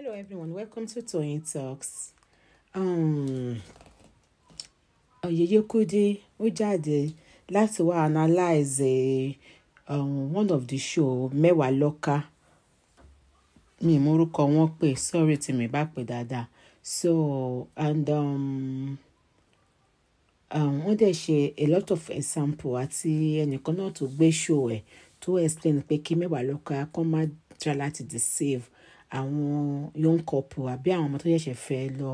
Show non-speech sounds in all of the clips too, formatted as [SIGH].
Hello everyone, welcome to Toyeen Talks. Um, Oyeyekunde ó jáde láti wá analyze um, one of the show Mẹ́wàá Lọ́kà. Mi mú orúkọ wọn pè sorry tí mi bá pè dáadáa. So and um, um, wọ́n dẹ̀ ṣe a lot of example àti ẹnìkan náà tó gbé show ẹ̀ tó explain pé kí Mẹ́wàá Lọ́kà kó má try láti deceive àwọn young couple àbí àwọn ọmọ tó ṣẹ̀ṣẹ̀ fẹ́ lọ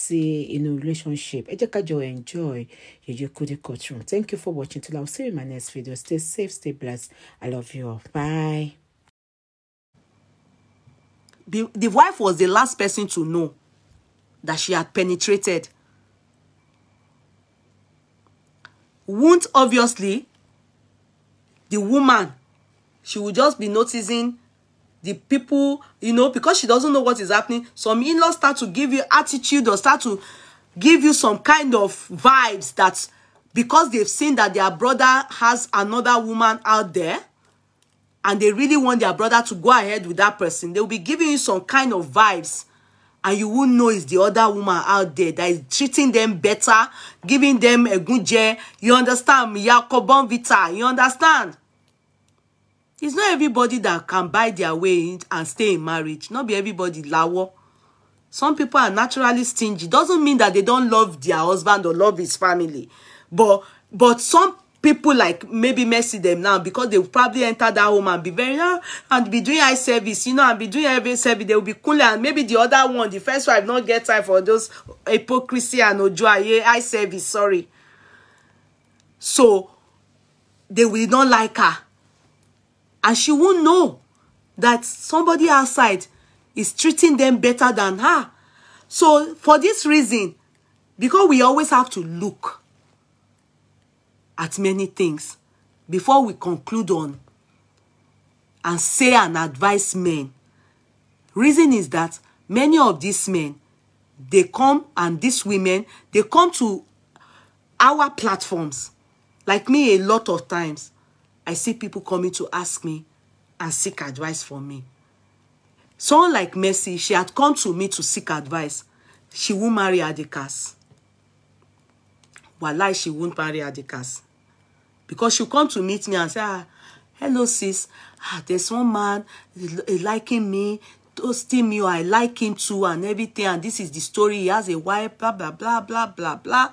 sí inú relationship ẹ jẹ́ ká jọ enjoy Yèyé Kudi culture thank you for watching till i will see you in my next video stay safe stay blessed i love you all bye. The, the wife was the last person to know that she had penetrated. Won't obviously the woman she would just be noticing the people you know because she doesn't know what is happening some in-laws start to give you attitude or start to give you some kind of vibes that because they've seen that their brother has another woman out there and they really want their brother to go ahead with that person they'll be giving you some kind of vibes and you won't know it's the other woman out there that is treating them better giving them a good year you understand miyako vita. you understand it's not everybody that can buy their way in and stay in marriage not be everybody lawo some people are naturally stingy doesn't mean that they don't love their husband or love his family but but some people like maybe mercy them now because they will probably enter that home and be very uh, and be doing eye service, you know, and be doing every service. They will be cooler, and maybe the other one, the first wife, not get time for those hypocrisy and ojoaye eye service. Sorry. So they will not like her and she won't know that somebody outside is treating them better than her. So for this reason, because we always have to look at many things before we conclude on and say and advise men. Reason is that many of these men, they come and these women, they come to our platforms, like me a lot of times. I see people coming to ask me and seek advice from me. Someone like Mercy, she had come to me to seek advice. She won't marry Adikas. Wallahi, she won't marry Adikas. Because she'll come to meet me and say, ah, hello sis, ah, there's one man liking me, toasting me, I like him too, and everything, and this is the story, he has a wife, blah, blah, blah, blah, blah, blah.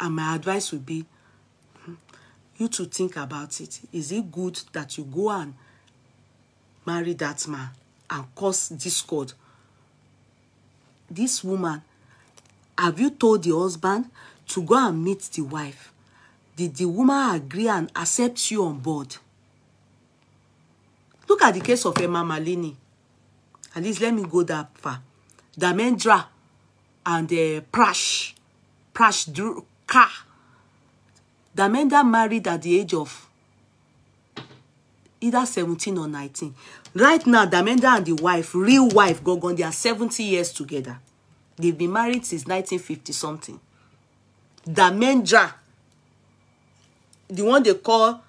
And my advice would be, you to think about it. Is it good that you go and marry that man and cause discord? This woman, have you told the husband to go and meet the wife? Did the woman agree and accept you on board? Look at the case of Emma Malini. At least let me go that far. Damendra and uh, Prash. Prash Dr. Ka. Damenda married at the age of either 17 or 19. Right now, Damenda and the wife, real wife, Gogon, they are 70 years together. They've been married since 1950 something. Damendra, the one they call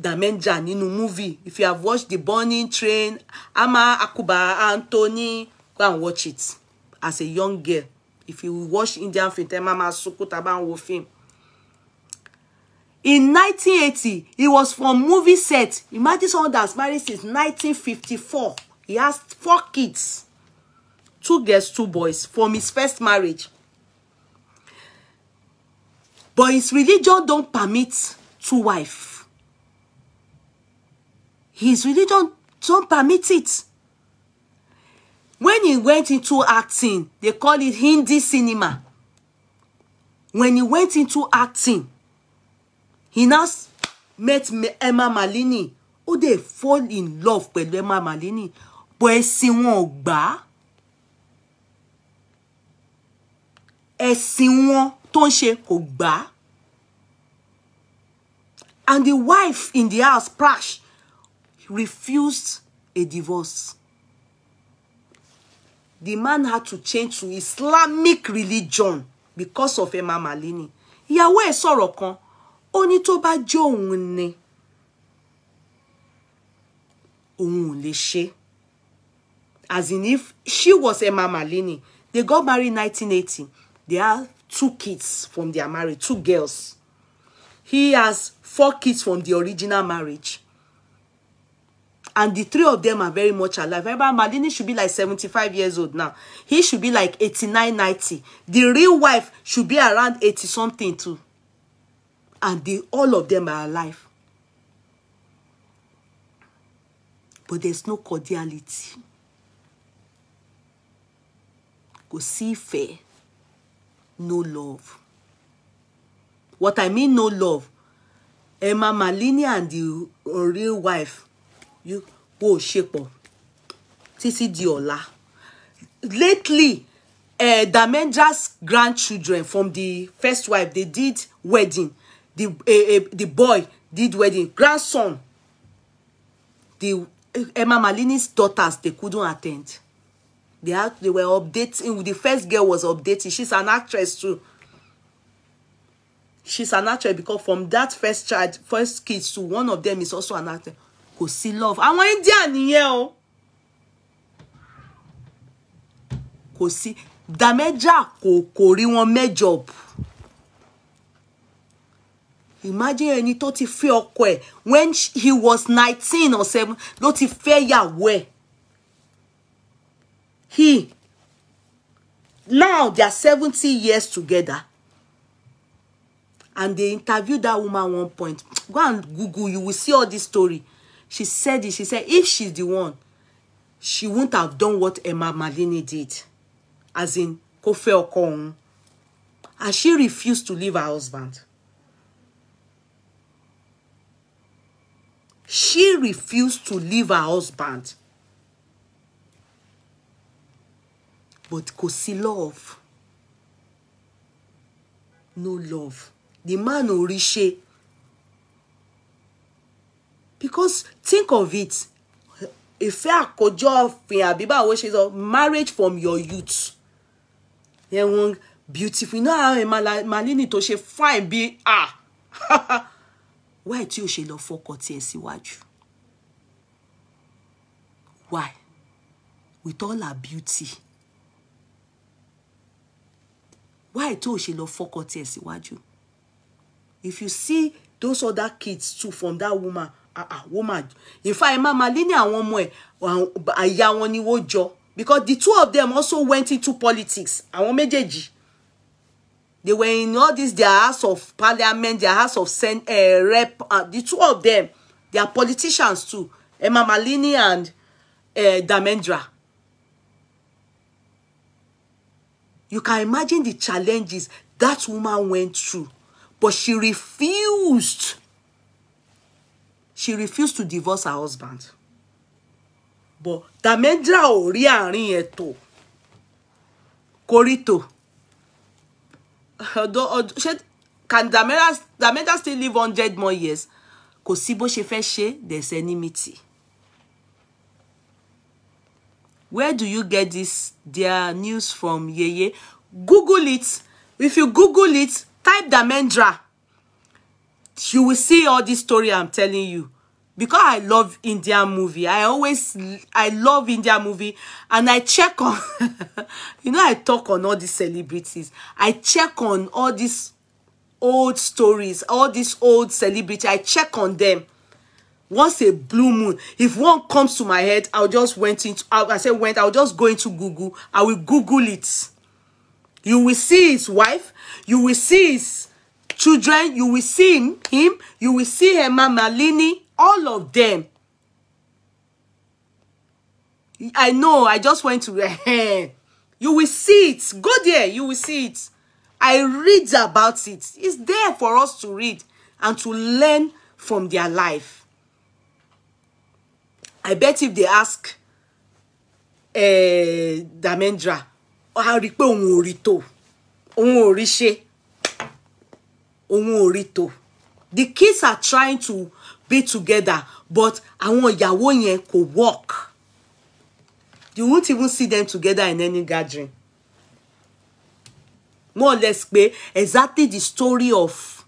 Damendra nínú movie. If you have watched The Burning Train, Ama Akuba Anthony, go and watch it. As a young girl, if you watch Indian film, Mama Sukuta, and watch film in 1980 he was from movie set imagine someone that's married since 1954 he has four kids two girls two boys from his first marriage but his religion don't permit two wife his religion don't permit it when he went into acting they call it hindi cinema when he went into acting he now met Emma Malini who dẹ̀ fall in love pẹ̀lú Emma Malini but ẹ̀sìn wọn ò gbà á ẹ̀sìn wọn tó ń ṣe kò gbà á and the wife in the house Prash refused a divorce. The man had to change to Islamic religion because of Emma Malini. Ìyàwó ẹ̀ sọ̀rọ̀ kan ó ní tó bá jẹ́ òun ni òun ò lè ṣe as in if she was Emma Malini they got married 1980 they have two kids from their marriage two girls he has four kids from the original marriage and the three of them are very much alive. Emma Malini should be like 75 years old now. He should be like 89, 90. The real wife should be around 80 something too and they, all of them are alive. But there's no cordiality. Go see fair, no love. What I mean no love, Emma Malini and the real wife, you wo ṣe pọ̀ títí di ọ̀la. Lately, uh, eh, Damendra's grandchildren from the first wife, they did wedding the eh, eh, the boy did wedding grandson the Emma Malini's daughters they couldn't attend they had they were updating the first girl was updating she's an actress too she's an actress because from that first child first kid to one of them is also an actor. kò sí love àwọn India nìyẹn o kò sí Dàmẹ́jà kò kò rí wọn mẹ́jọ imagine ẹni tó ti fẹ́ ọkọ ẹ̀ when he was nineteen or seven ló ti fẹ́ yàwó ẹ̀ he now they are seventy years together and they interviewed that woman one point go and google you will see all this story she said it she said if she's the one she won't have done what Emma Malini did as in kó fẹ́ ọkọ as she refused to leave her husband. She refused to leave her husband. But kò sí love. No love. The man ò rí Because think of it. if Ìfẹ́ àkójọ ọ̀fìn àbí báwo ṣe a marriage from your youth. Ẹ̀wọ̀n beautiful. You know how Malini tó ṣe fine be ah. [LAUGHS] why tí o ṣe lọ fọkọ tiẹ̀ síwájú why with all her beauty why tó o ṣe lọ fọkọ tiẹ̀ síwájú if you see those other kids too from that woman ah ah woman in fact ẹ má ma lé ní àwọn ọmọ ẹ àyà wọn ni wọ́n jọ because the two of them also went into politics àwọn méjèèjì They were in all this, their house of parliament, their house of sen uh, rep, uh, the two of them, they are politicians too, Emma Malini and uh, Damendra. You can imagine the challenges that woman went through, but she refused. She refused to divorce her husband. But Damendra ò rí àárín ẹ̀ ọdọ ṣé can Damera Damera still live hundred more years kò sí bó ṣe fẹ́ ṣe there's enmity where do you get this their news from yeye google it if you google it type Damendra you will see all this story i'm telling you because I love Indian movie. I always I love Indian movie and I check on [LAUGHS] you know I talk on all these celebrities. I check on all these old stories, all these old celebrities. I check on them. Once a blue moon, if one comes to my head, I'll just went into I, I said went, I'll just go into Google. I will Google it. You will see his wife, you will see his children, you will see him, him you will see Emma Malini all of them i know i just went to eh, you will see it go there you will see it i read about it it's there for us to read and to learn from their life i bet if they ask uh, damendra oh, a rí pé òun ò rí tó òun ò rí ṣe òun the kids are trying to be together but àwọn ìyàwó yẹn kò work you won't even see them together in any gathering more or less pé exactly the story of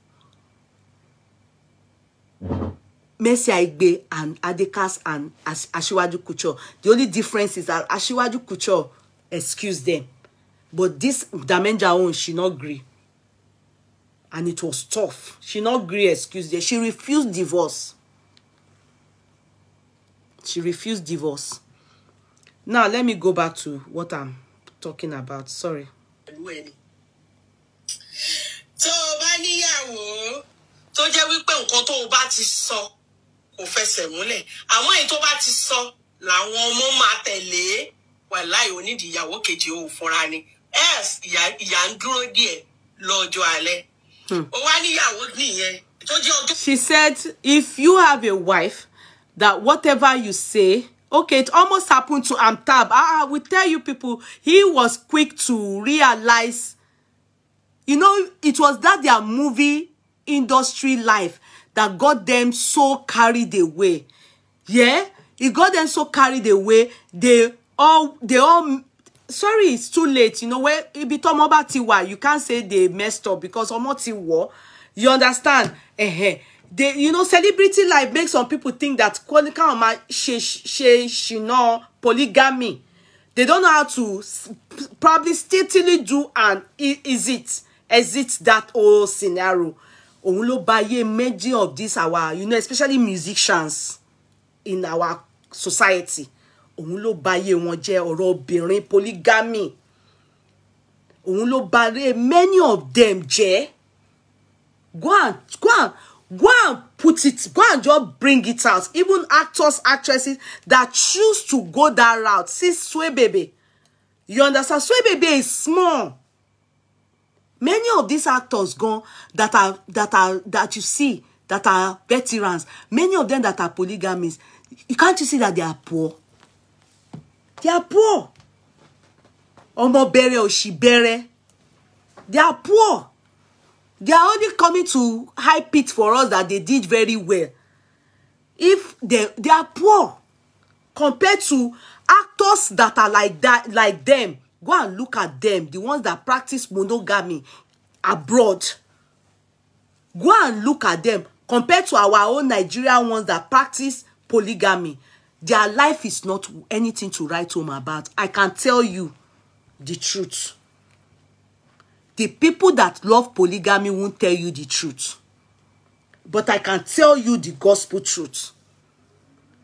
Mercy Aigbe and Adekas and As Asiwaju Kucho the only difference is that Asiwaju Kucho excuse them but this Damenja own she no gree and it was tough. She not agree. excuse there. She refused divorce. She refused divorce. Now let me go back to what I'm talking about. Sorry. Tó o bá níyàwó tó jẹ́ wípé nǹkan tó ti sọ kò fẹsẹ̀ múlẹ̀ àmọ́ èyí tó bá ti sọ làwọn ọmọ máa tẹ̀lé wàláì onídìí ìyàwó kejì òun fúnra ni ẹ́ẹ̀s ìyá ń dúró díẹ̀ lọ́jọ́ alẹ́. Hmm. ó she said if you have a wife that whatever you say okay it almost happened to amtab ah i ah, will tell you people he was quick to realize you know it was that their movie industry life that got them so carried away yeah it got them so carried away they all they all sorry it's too late you know where it be bá about wà you can't say they messed up because ọmọ ti wọ̀ you understand eh they you know celebrity life makes some people think that my she she she ṣìnà polygamy they don't know how to probably steadily do and e, is it is it that whole scenario òun ló bà ayé many of these our you know especially musicians in our society òun ló ba wọn jẹ́ ọ̀rọ̀ obìnrin polygamy òun ló ba many of them jẹ́ go and go and go and put it go and just bring it out even actors actresses that choose to go that route see Suebebe you understand Suebebe is small many of these actors gan that are that are that you see that are veterans many of them that are polygamists you can't you see that they are poor They are poor. Omo Bere bẹ̀rẹ̀ òṣì Bere. They are poor. They are only coming to high pit for us that they did very well. If they, they are poor compared to actors that are like that, like them. Go and look at them, the ones that practice monogamy abroad. Go and look at them compared to our own Nigerian ones that practice polygamy. Their life is not anything to write home about. I can tell you the truth. The people that love polygamy won't tell you the truth. But I can tell you the gospel truth.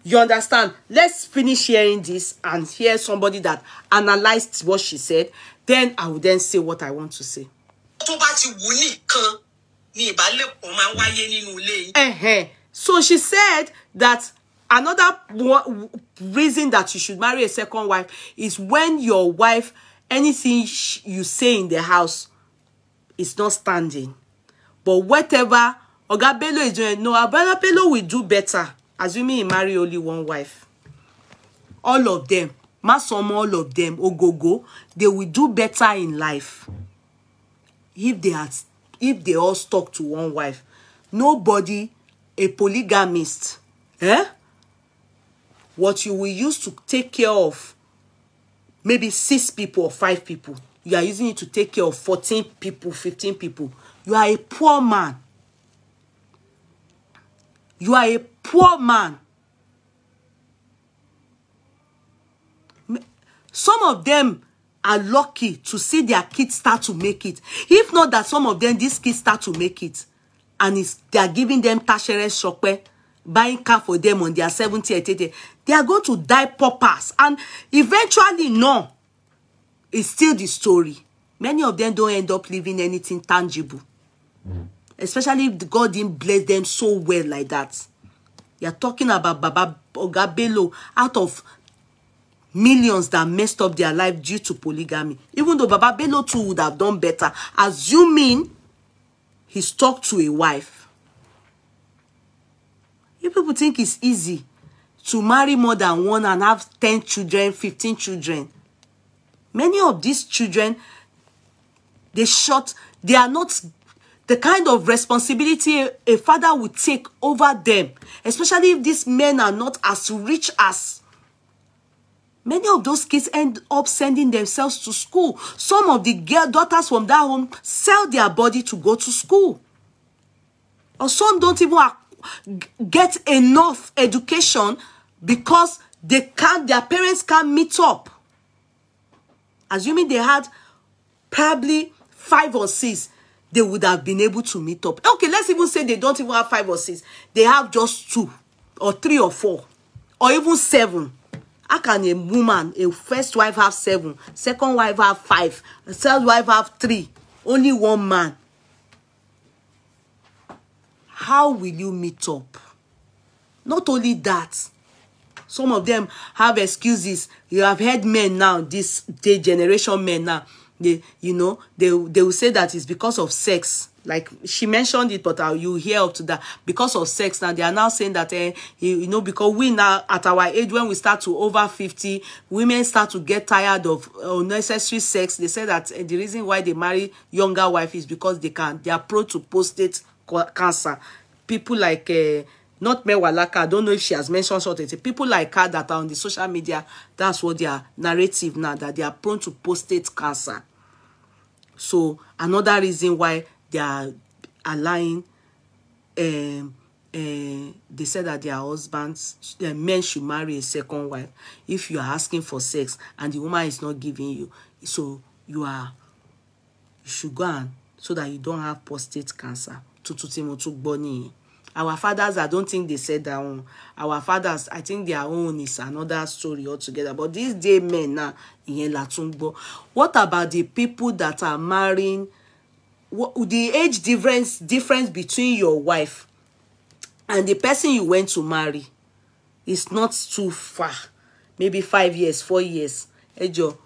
You understand? Let's finish hearing this and hear somebody that analyzed what she said. Then I will then say what I want to say. Tó bá So she said that another reason that you should marry a second wife is when your wife anything you say in the house is not standing but whatever oga bello is doing no abana bello will do better assuming he marry only one wife all of them masomo all of them ogogo they will do better in life if they are if they all stuck to one wife nobody a polygamist eh what you will use to take care of maybe six people or five people, you are using it to take care of 14 people, 15 people. You are a poor man. You are a poor man. Some of them are lucky to see their kids start to make it. If not that some of them, these kids start to make it. And it's, they are giving them tashere shokwe buying car for them on their 70 80 they are going to die paupers and eventually no it's still the story many of them don't end up living anything tangible especially if god didn't bless them so well like that you're talking about baba ogabelo out of millions that messed up their life due to polygamy even though baba bello too would have done better assuming he stuck to a wife You people think it's easy to marry more than one and have 10 children, 15 children. Many of these children, they short, they are not the kind of responsibility a father would take over them, especially if these men are not as rich as Many of those kids end up sending themselves to school. Some of the girl daughters from that home sell their body to go to school. Or some don't even get enough education because they can't their parents can't meet up assuming they had probably five or six they would have been able to meet up okay let's even say they don't even have five or six they have just two or three or four or even seven how can a woman a first wife have seven second wife have five third wife have three only one man how will you meet up? Not only that, some of them have excuses. You have heard men now, this day generation men now. They, you know, they they will say that it's because of sex. Like she mentioned it, but you hear up to that because of sex. Now they are now saying that eh, you, you know because we now at our age when we start to over fifty, women start to get tired of unnecessary sex. They say that eh, the reason why they marry younger wife is because they can they are prone to prostate cancer people like uh, not Mewalaka, I don't know if she has mentioned something. People like her that are on the social media, that's what their narrative now, that they are prone to prostate cancer. So another reason why they are allowing, um, uh, they said that their husbands, their eh, men should marry a second wife. If you are asking for sex and the woman is not giving you, so you are, you should go on so that you don't have prostate cancer. Tutu tí mo tún gbọ́ Our fathers, I don't think they said that. own. Our fathers, I think their own is another story altogether. But these day men now, ìyẹn la What about the people that are marrying? What, the age difference difference between your wife and the person you went to marry is not too far. Maybe five years, four years. Ejo,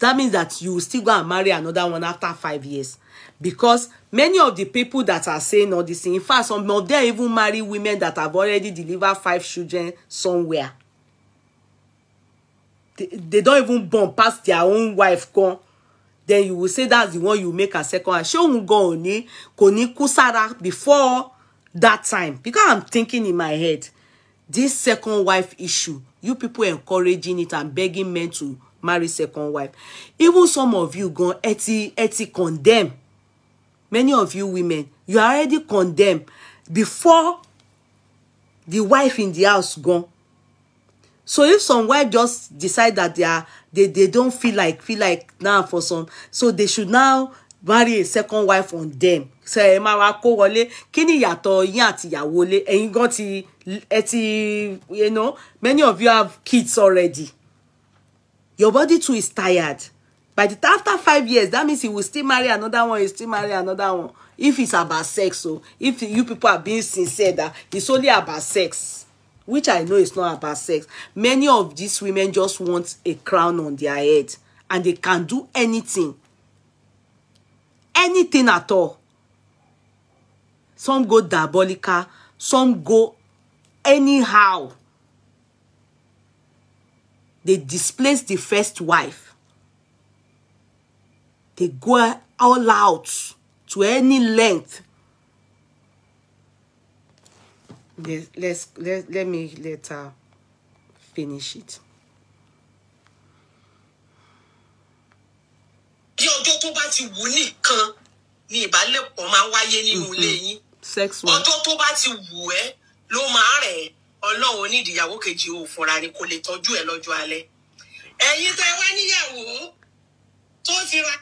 that means that you will still go and marry another one after five years because many of the people that are saying all this in fact some of them even marry women that have already delivered five children somewhere they, they don't even born past their own wife Con, then you will say that's the one you make a second and ṣé òun gan ò ní kò ní kú before that time because i'm thinking in my head this second wife issue you people encouraging it and begging men to marry second wife even some of you gan ẹ ti condemn many of you women you are already condemned before the wife in the house gone so if some wife just decide that they are they they don't feel like feel like now nah, for some so they should now marry a second wife on them So ẹ máa wá kó wọlé kí ni ìyàtọ̀ yín àti ìyàwó lé ẹ̀yin gan ti ẹ ti you know many of you have kids already your body too is tired by the time after five years that means he will still marry another one he still marry another one if it's about sex so oh, if you people are being sincere that it's only about sex which i know it's not about sex many of these women just want a crown on their head and they can do anything anything at all some go diabolical some go anyhow they displace the first wife they go all out to any length. Let's, let's let, let me let her finish it. Sex ọjọ́ ọjọ́ tó bá ti wù ẹ́ ló máa rẹ̀ ẹ́ ọlọ́run onídìyàwó kejì ò fúnra ni kò lè tọ́jú ẹ lọ́jọ́ alẹ́ ẹ̀yin tẹ́ wá níyàwó tó ti ra.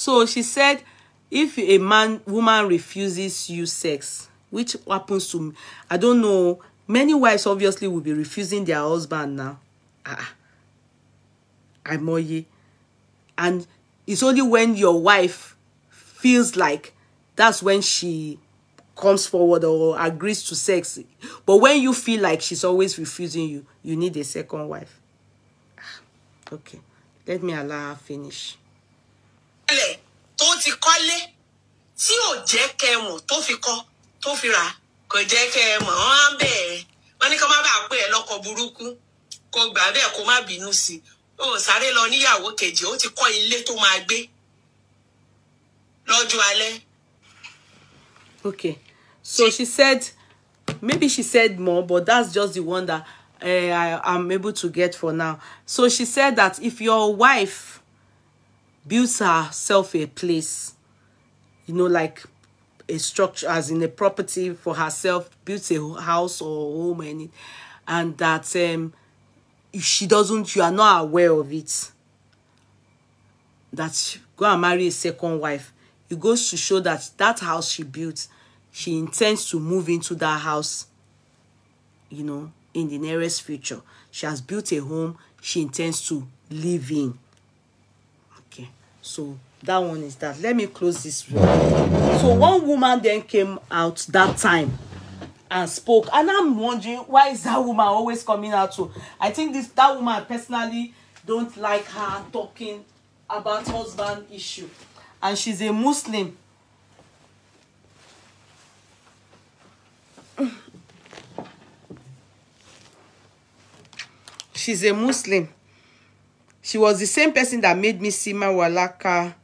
So she said, if a man woman refuses you sex, which happens to I don't know, many wives obviously will be refusing their husband now. Ah, ah, àìmọye. And it's only when your wife feels like that's when she comes forward or agrees to sex. But when you feel like she's always refusing you, you need a second wife. Ah, okay, let me allow her finish lẹ̀ tó ti kọ́lé tí ò jẹ́ kẹmọ̀ tó fi kọ́ tó fi rà kò jẹ́ kẹmọ̀ wọ́n á bẹ̀rẹ̀ wọ́n ní kí má bàa pé ẹ lọ́kọ burúkú kò gbà bẹ́ẹ̀ kó má bínú sí i ó sáré lọ níyàwó kejì ó ti kọ́ ilé tó máa gbé lọ́jọ́ alẹ́. okay so she said maybe she said more but that's just the one that uh, I am able to get for now so she said that if your wife builds herself a place, you know, like a structure, as in a property for herself, builds a house or home, and, and that um, she doesn't, you are not aware of it. That go and marry a second wife. It goes to show that that house she built, she intends to move into that house, you know, in the nearest future. She has built a home she intends to live in so that one is that let me close this room. so one woman then came out that time and spoke and i'm wondering why is that woman always coming out to i think this that woman personally don't like her talking about husband issue and she's a muslim she's a muslim She was the same person that made me see Mewolaka,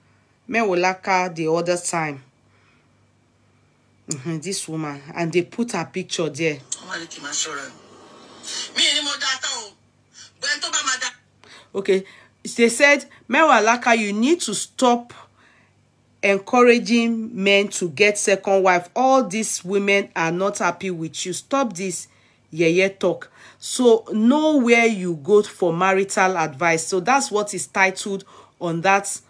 Mewolaka the other time. Mm-hmm, this woman. And they put her picture there. Okay. They said, Mewolaka, you need to stop encouraging men to get second wife. All these women are not happy with you. Stop this yeye talk. So know where you go for marital advice. So that's what is titled on that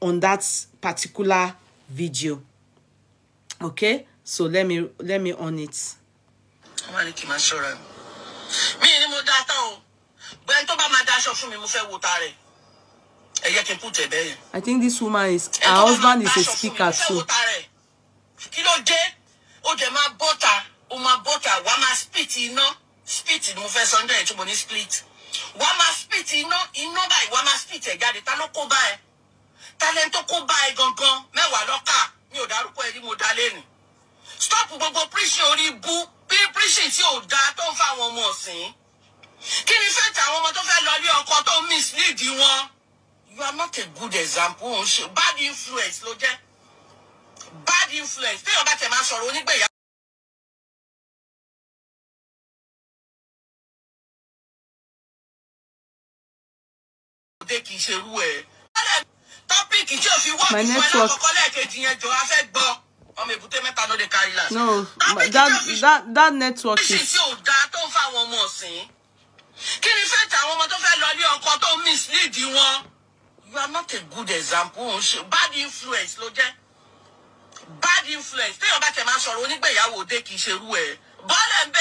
on that particular video. Okay? So let me let me on it. I think this woman is her husband is a speaker too. kí ló dé ó jẹ máa bọ́ta ó máa bọ́ta wàá máa spit iná split ni mo fẹ́ sunday ẹ̀ tí mo ní split wà á máa split iná iná báyìí wà á máa split ẹ̀ jáde ta ló kó bá ẹ talent tó kó bá ẹ gangan mẹ́wàá lọ́kà mi ò dárúkọ ẹ rí mo dá lẹ́nu stop gbogbo preaching orí bú bí preaching tí ò dáa tó ń fa àwọn ọmọ ọ̀sìn kí ni fẹ́ tàwọn ọmọ tó fẹ́ lọ ilé ọkọ tó ń mislead wọn you are not a good example bad influence ló jẹ́ bad influence téèyàn bá tẹ̀ máa sọ̀rọ̀ onígbèyà. dé kì í ṣe irú ẹ̀. tọ́pìkì tí o fi wọ́ọ̀kì wọlé àkọ́kọ́ lẹ́ẹ̀kejì yẹn jọ afẹ́ gbọ́ ọmọ èbúté mẹ́ta ló lè kárí láti. no that that that network is. ìṣèṣì ò dáa tó ń fa àwọn ọmọ ọ̀sìn kí ni fẹ́ẹ́ tà àwọn ọmọ tó fẹ́ lọ ní ọkọ tó mislead wọn. you are not a good example bad influence ló jẹ́ bad influence téèyàn bá tẹ̀ máa sọ̀rọ̀ onígbẹ̀yàwó òde kì í ṣe irú ẹ̀ bọ́ọ̀lẹ̀ ń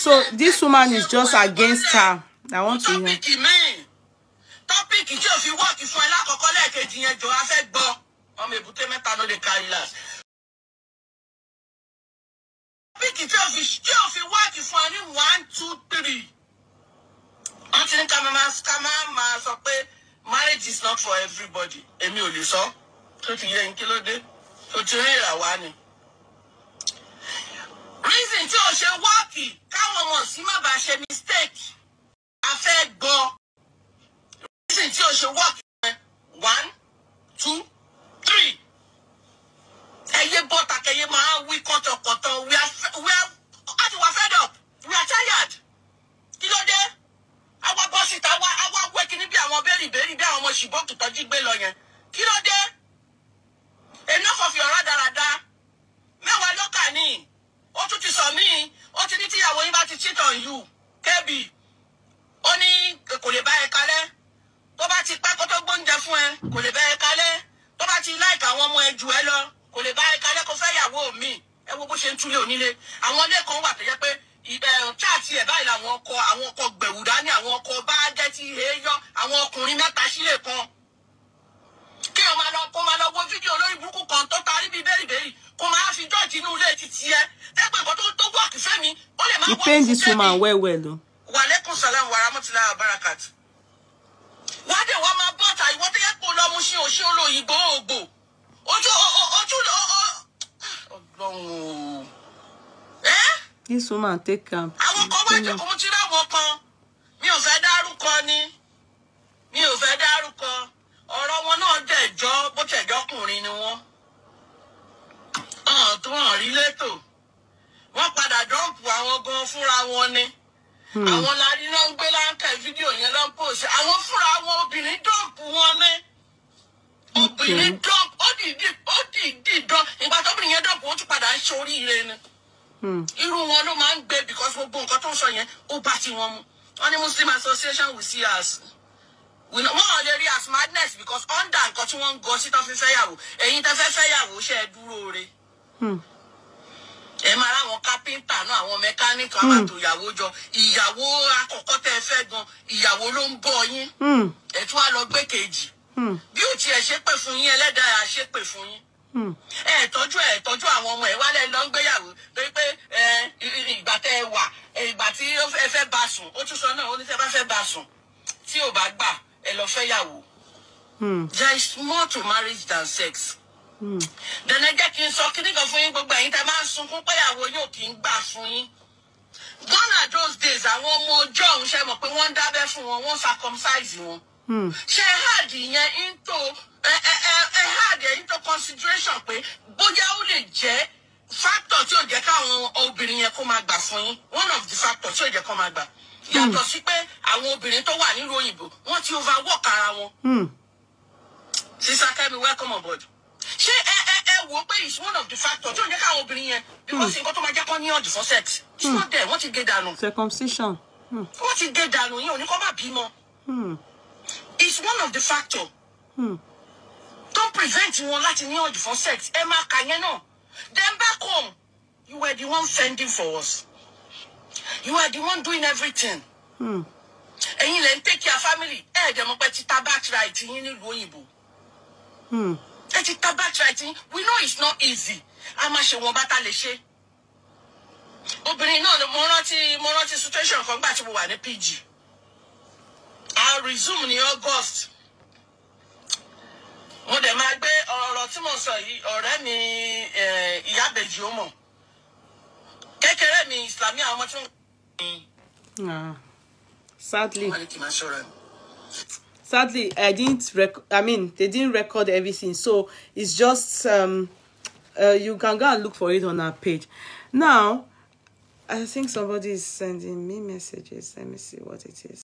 so this woman is just against her. I want to hear. tọ́pìkì míì tọ́pìkì tí o fi wọ́ọ̀kì fún ẹ lákọ̀ọ́kọ́ lẹ́ẹ̀kejì yẹn jọ afẹ́ gbọ́ ọmọ èbúté mẹ́ta ló lè kárí là. tọ́pìkì tí o fi tí o fi wọ́ọ̀kì fún one two three wọ́n ti ní ká máa ká máa máa marriage is not for everybody èmi ò lè sọ tó ti yẹ ní kí ló dé tó ti reason tí o ṣe wọ́ọ̀kì káwọn ọmọ sí má mistake a fẹ́ gbọ́ reason tí o ṣe work yẹn one two three ẹyẹ bọ́ta kẹyẹ máa wí kọ́tọ̀kọ́tọ̀ we are we are àti we are fed up we are tired kí ló dé àwa bọ́ síta àwa àwa wé kíní bí àwọn bẹ́ẹ̀rì bẹ́ẹ̀rì bí àwọn ọmọ ṣìbọ́ọ̀kì tọ́jú gbé lọ yẹn kí ló dé enough of your rádaràda mẹ́wàá lọ́kà ni ó tún ti sọ míì ó ti ní tíyàwó yín bá ti cheat on you kẹ́bì ó ní kò lè bá ẹ kalẹ̀ tó bá ti pẹ́ kó tó gbóúnjẹ fún ẹ kò lè bá ẹ kalẹ̀ tó bá ti láìka àwọn ọmọ ẹ jù ẹ lọ kò lè bá ẹ kalẹ̀ kó fẹ́ yàwó mi ẹ wo bó ṣe ń túlé onílé àwọn ilé kan wà tó yẹ pé chaati ẹ̀ báyìí làwọn ọkọ àwọn ọkọ gbẹ̀wùdá ní àwọn ọkọ bá jẹ́ ti èèyọ àwọn ọkùnrin mẹ́ta sílẹ̀ kan kí o lọ kó máa lọ wo fídíò olórí burúkú kan tó tarí bíi bẹ́rìbẹ́rì kó máa fi jọ́ọ̀jì inú ilé ti tiẹ̀ tẹ́gbẹ̀ẹ́ kan tó tó wọ́ọ̀kì fẹ́mi ó lè má wọ́ọ̀kì fẹ́mi. he pains this woman well well o wàlẹ́kùn sàlám wàrà mọ́tìlá àbárakat. wá dé wá máa bọ́ ta ìwọ́n tẹ́yẹ́ kó lọ́mú sí òṣì olóyìnbó ògbò ojú ojú ọlọ́run o. this woman take am. àwọn kan wájú òun ti ráwọ̀ kan mi ò fẹ́ dárúkọ ni mi ò fẹ́ dárúkọ ọ̀rọ̀ wọn náà dẹ̀jọ́ bó tẹ̀jọ́kùnrin ni wọ́n hàn tó hàn rí létò wọ́n padà dọ́ǹpù àwọn gan fúnra wọn ni. Hmm. àwọn larí náà ń gbé láńkà fídíò yẹn lọ pòsì àwọn fúnra wọn obìnrin dọ́ọ̀pù wọn ní obìnrin hmm. dọ́ọ̀pù ó dìídì ó dìídì dán ìgbà tóbìnrin yẹn dọ́ọ̀pù ó tún padà ń ṣe oríire ni hmm. irú wọn ló máa ń gbé because gbogbo nǹkan tó ń sọ yẹn ó bá tiwọn mu wọn ní Muslim Association will see us wọn ò lè rí as madness because under nǹkan tí wọ́n ń gọ sí tán fi fẹ́ yàwó ẹ̀yin tẹ́ fẹ́ fẹ́ yàwó ṣe é dúró re. Hmm ẹ máa ráwọn kápẹ́ńtà náà àwọn mẹkáníìkì àwọn hmm. àtòyàwó jọ ìyàwó àkọ́kọ́ tẹ́ ẹ fẹ́ gan ìyàwó ló ń bọ́ yín hmm. ẹ tún wá lọ gbé kejì hmm. bí ò tiẹ̀ ṣépè fún yín ẹlẹ́dàá ṣépè fún yín ẹ tọ́jú ẹ tọ́jú àwọn ọmọ ẹ wálé lọ ń gbéyàwó torí pé ìgbà tẹ́ ẹ wà ìgbà tí ẹ fẹ́ bá sùn ó tún sọ náà ó ní tẹ́ bá fẹ́ bá sùn tí ò bá gbà ẹ lọ fẹ́ yàwó. there is more to marriage than sex dẹ̀nà hmm. jẹ́ kí n sọ kíní kan fún yín gbogbo ẹ̀yin tẹ́ máa ń sunkún péyàwó yóò kí ń gbà fún yín gọ́nà those days àwọn ọmọ ọjọ́ ọ̀hún ṣe mọ̀ pé wọ́n ń dábẹ́ fún wọn wọ́n circumcise wọn hmm. ṣe hard yẹn into ẹ ẹ ẹ hard yẹn into consideration pé bóyá ó lè jẹ́ factor tí ò jẹ́ káwọn obìnrin yẹn kó máa gbà fún yín one of the factor tí ò jẹ́ kó máa gbà hmm. yàtọ̀ sí pé àwọn obìnrin tó wà nílùú òyìnbó wọ́n ti overwork ara wọn. sísá kẹ́mi welcome aboard ṣé ẹ ẹ ẹ wò ó pé it's one of the factors tí ò ní káwọn obìnrin yẹn because hmm. nǹkan tó máa jẹ́ kọ́ ní ọ̀dì fún sex it's hmm. not there wọ́n ti gé dànù. circumcision. Hmm. wọ́n ti gé dànù yẹn ò ní kọ́ má bímọ. it's one of the factors. Hmm. don't prevent wọn láti ní ọ̀dì for sex ẹ máa kà yẹn náà then back home you were the one fending for us you were the one doing everything. Hmm ẹ̀yin lẹ ń take care family ẹ ẹ dẹ̀ mọ̀ pé títa birthright yín nílùú òyìnbó ti tábà try we know it's not easy a máa ṣe wọn bá ta lè ṣe obìnrin náà mo rántí mo rántí situation kan gbà tí mo wà ní pg a resume ní august mo dẹ̀ máa gbé ọ̀rọ̀ tí mo sọ yìí ọ̀rẹ́ mi ìyábẹ̀jì ó mọ̀ kékeré mi ìsìlámì àwọn ọmọ tí wọ́n. Ah, sadly sadly i didn't rec- i mean they didn't record everything so it's just um uh, you can go and look for it on our page now i think somebody is sending me messages let me see what it is